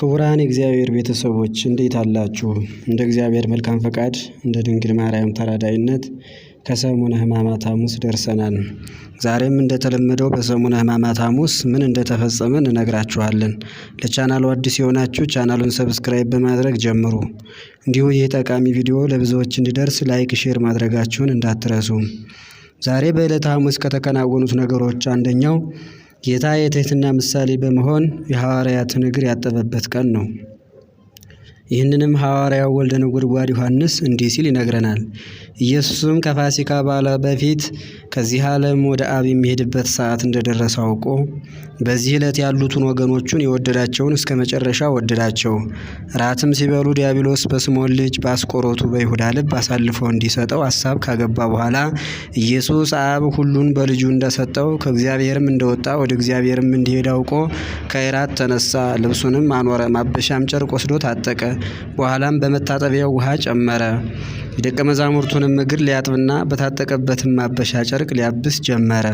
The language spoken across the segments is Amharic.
ክቡራን የእግዚአብሔር ቤተሰቦች እንዴት አላችሁ? እንደ እግዚአብሔር መልካም ፈቃድ እንደ ድንግል ማርያም ተራዳይነት ከሰሙነ ሕማማት ሐሙስ ደርሰናል። ዛሬም እንደተለመደው በሰሙነ ሕማማት ሐሙስ ምን እንደተፈጸመ እነግራችኋለን። ለቻናሉ አዲስ የሆናችሁ ቻናሉን ሰብስክራይብ በማድረግ ጀምሩ። እንዲሁ ይህ ጠቃሚ ቪዲዮ ለብዙዎች እንዲደርስ ላይክ፣ ሼር ማድረጋችሁን እንዳትረሱ። ዛሬ በዕለተ ሐሙስ ከተከናወኑት ነገሮች አንደኛው ጌታ የትህትና ምሳሌ በመሆን የሐዋርያትን እግር ያጠበበት ቀን ነው። ይህንንም ሐዋርያው ወልደ ነጎድጓድ ዮሐንስ እንዲህ ሲል ይነግረናል። ኢየሱስም ከፋሲካ በዓል በፊት ከዚህ ዓለም ወደ አብ የሚሄድበት ሰዓት እንደደረሰ አውቆ በዚህ ዕለት ያሉትን ወገኖቹን የወደዳቸውን እስከ መጨረሻ ወደዳቸው። ራትም ሲበሉ ዲያብሎስ በስምዖን ልጅ በአስቆሮቱ በይሁዳ ልብ አሳልፎ እንዲሰጠው ሐሳብ ካገባ በኋላ ኢየሱስ አብ ሁሉን በልጁ እንደሰጠው ከእግዚአብሔርም እንደወጣ ወደ እግዚአብሔርም እንዲሄድ አውቆ ከእራት ተነሳ፣ ልብሱንም አኖረ፣ ማበሻም ጨርቅ ወስዶ ታጠቀ። በኋላም በመታጠቢያው ውሃ ጨመረ። የደቀ መዛሙርቱን የነበረውንም እግር ሊያጥብና በታጠቀበትም ማበሻ ጨርቅ ሊያብስ ጀመረ።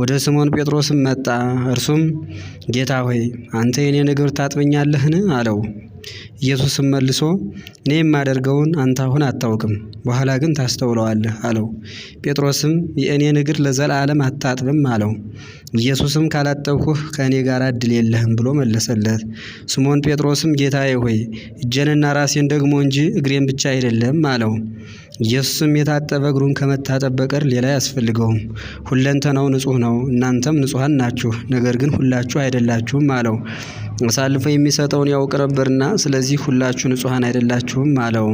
ወደ ስምዖን ጴጥሮስም መጣ። እርሱም ጌታ ሆይ አንተ የኔን እግር ታጥበኛለህን? አለው። ኢየሱስም መልሶ እኔ የማደርገውን አንተ አሁን አታውቅም፣ በኋላ ግን ታስተውለዋለህ አለው። ጴጥሮስም የእኔን እግር ለዘላለም አታጥብም አለው። ኢየሱስም ካላጠብኩህ ከእኔ ጋር እድል የለህም ብሎ መለሰለት። ስምዖን ጴጥሮስም ጌታዬ ሆይ እጄንና ራሴን ደግሞ እንጂ እግሬን ብቻ አይደለም አለው። ኢየሱስም የታጠበ እግሩን ከመታጠብ በቀር ሌላ አያስፈልገውም፣ ሁለንተናው ንጹሕ ነው። እናንተም ንጹሐን ናችሁ፣ ነገር ግን ሁላችሁ አይደላችሁም አለው። አሳልፎ የሚሰጠውን ያውቅ ነበርና፣ ስለዚህ ሁላችሁ ንጹሐን አይደላችሁም አለው።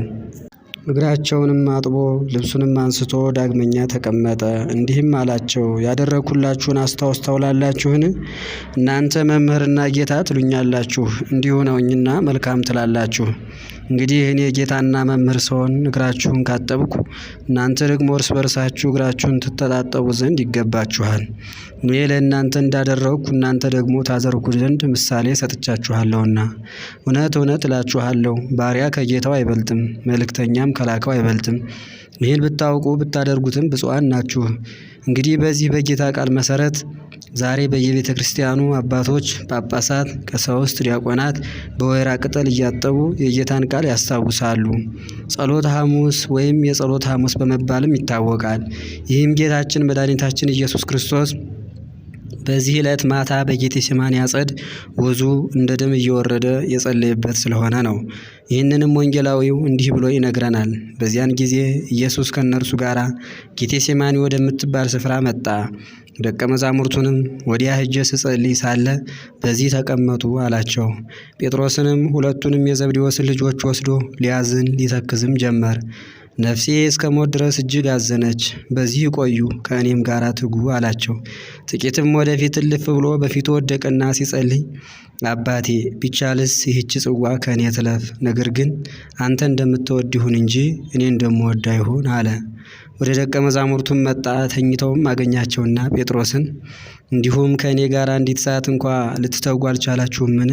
እግራቸውንም አጥቦ ልብሱንም አንስቶ ዳግመኛ ተቀመጠ። እንዲህም አላቸው፣ ያደረግሁላችሁን አስታውስ ታውላላችሁን? እናንተ መምህርና ጌታ ትሉኛላችሁ፣ እንዲሁ ነውኝና መልካም ትላላችሁ። እንግዲህ እኔ ጌታና መምህር ስሆን እግራችሁን ካጠብኩ፣ እናንተ ደግሞ እርስ በርሳችሁ እግራችሁን ትተጣጠቡ ዘንድ ይገባችኋል። እኔ ለእናንተ እንዳደረግኩ እናንተ ደግሞ ታዘርኩ ዘንድ ምሳሌ ሰጥቻችኋለሁና። እውነት እውነት እላችኋለሁ ባሪያ ከጌታው አይበልጥም፣ መልእክተኛም ከላከው አይበልጥም። ይህን ብታውቁ ብታደርጉትም ብፁዓን ናችሁ። እንግዲህ በዚህ በጌታ ቃል መሰረት ዛሬ በየቤተ ክርስቲያኑ አባቶች፣ ጳጳሳት፣ ቀሳውስት፣ ዲያቆናት በወይራ ቅጠል እያጠቡ የጌታን ቃል ያስታውሳሉ። ጸሎት ሐሙስ ወይም የጸሎት ሐሙስ በመባልም ይታወቃል። ይህም ጌታችን መድኃኒታችን ኢየሱስ ክርስቶስ በዚህ ዕለት ማታ በጌቴሴማኒ አጸድ ወዙ እንደ ደም እየወረደ የጸለየበት ስለሆነ ነው። ይህንንም ወንጌላዊው እንዲህ ብሎ ይነግረናል። በዚያን ጊዜ ኢየሱስ ከእነርሱ ጋር ጌቴሴማኒ ወደምትባል ስፍራ መጣ። ደቀ መዛሙርቱንም ወዲያ ሄጄ ስጸልይ ሳለ በዚህ ተቀመጡ አላቸው። ጴጥሮስንም ሁለቱንም የዘብዴዎስን ልጆች ወስዶ ሊያዝን ሊተክዝም ጀመር። ነፍሴ እስከ ሞት ድረስ እጅግ አዘነች። በዚህ ቆዩ፣ ከእኔም ጋር ትጉ አላቸው። ጥቂትም ወደፊት እልፍ ብሎ በፊቱ ወደቀና ሲጸልይ አባቴ ቢቻልስ ይህች ጽዋ ከእኔ ትለፍ፣ ነገር ግን አንተ እንደምትወድ ይሁን እንጂ እኔ እንደምወድ አይሁን አለ። ወደ ደቀ መዛሙርቱም መጣ። ተኝተውም አገኛቸውና ጴጥሮስን እንዲሁም ከእኔ ጋር አንዲት ሰዓት እንኳ ልትተጉ አልቻላችሁምን?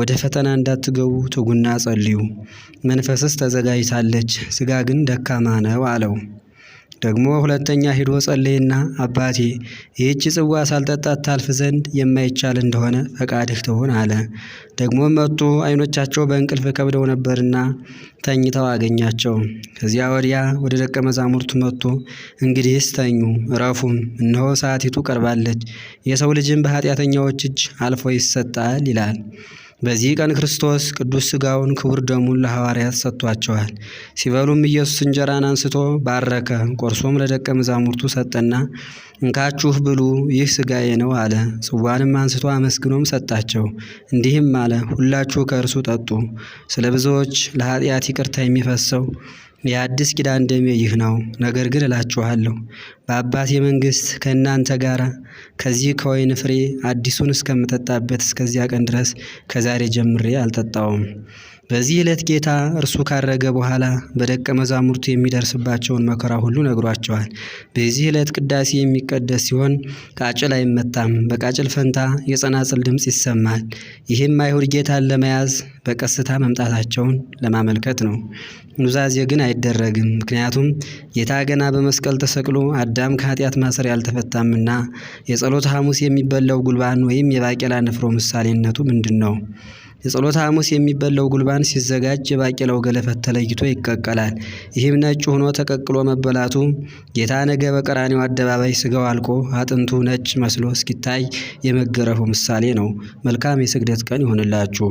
ወደ ፈተና እንዳትገቡ ትጉና ጸልዩ። መንፈስስ ተዘጋጅታለች፣ ስጋ ግን ደካማ ነው አለው። ደግሞ ሁለተኛ ሂዶ ጸልይና አባቴ ይህች ጽዋ ሳልጠጣት ታልፍ ዘንድ የማይቻል እንደሆነ ፈቃድህ ትሁን አለ። ደግሞ መጡ፣ ዓይኖቻቸው በእንቅልፍ ከብደው ነበርና ተኝተው አገኛቸው። ከዚያ ወዲያ ወደ ደቀ መዛሙርቱ መጥቶ እንግዲህስ ተኙ እረፉም፣ እነሆ ሰዓቲቱ ቀርባለች፣ የሰው ልጅም በኃጢአተኛዎች እጅ አልፎ ይሰጣል ይላል። በዚህ ቀን ክርስቶስ ቅዱስ ሥጋውን ክቡር ደሙን ለሐዋርያት ሰጥቷቸዋል። ሲበሉም ኢየሱስ እንጀራን አንስቶ ባረከ፣ ቆርሶም ለደቀ መዛሙርቱ ሰጠና እንካችሁ ብሉ፣ ይህ ሥጋዬ ነው አለ። ጽዋንም አንስቶ አመስግኖም ሰጣቸው፣ እንዲህም አለ፣ ሁላችሁ ከእርሱ ጠጡ። ስለ ብዙዎች ለኃጢአት ይቅርታ የሚፈሰው የአዲስ ኪዳን ደሜ ይህ ነው። ነገር ግን እላችኋለሁ በአባቴ መንግስት ከእናንተ ጋር ከዚህ ከወይን ፍሬ አዲሱን እስከምጠጣበት እስከዚያ ቀን ድረስ ከዛሬ ጀምሬ አልጠጣውም። በዚህ ዕለት ጌታ እርሱ ካረገ በኋላ በደቀ መዛሙርቱ የሚደርስባቸውን መከራ ሁሉ ነግሯቸዋል። በዚህ ዕለት ቅዳሴ የሚቀደስ ሲሆን ቃጭል አይመታም፣ በቃጭል ፈንታ የጸናጽል ድምፅ ይሰማል። ይህም አይሁድ ጌታን ለመያዝ በቀስታ መምጣታቸውን ለማመልከት ነው። ኑዛዜ ግን አይደረግም። ምክንያቱም ጌታ ገና በመስቀል ተሰቅሎ አዳም ከኃጢአት ማሰር ያልተፈታምና የጸሎተ ሐሙስ የሚበላው ጉልባን ወይም የባቄላ ንፍሮ ምሳሌነቱ ምንድን ነው? የጸሎተ ሐሙስ የሚበላው ጉልባን ሲዘጋጅ የባቄላው ገለፈት ተለይቶ ይቀቀላል። ይህም ነጭ ሆኖ ተቀቅሎ መበላቱ ጌታ ነገ በቀራኔው አደባባይ ስጋው አልቆ አጥንቱ ነጭ መስሎ እስኪታይ የመገረፉ ምሳሌ ነው። መልካም የስግደት ቀን ይሆንላችሁ።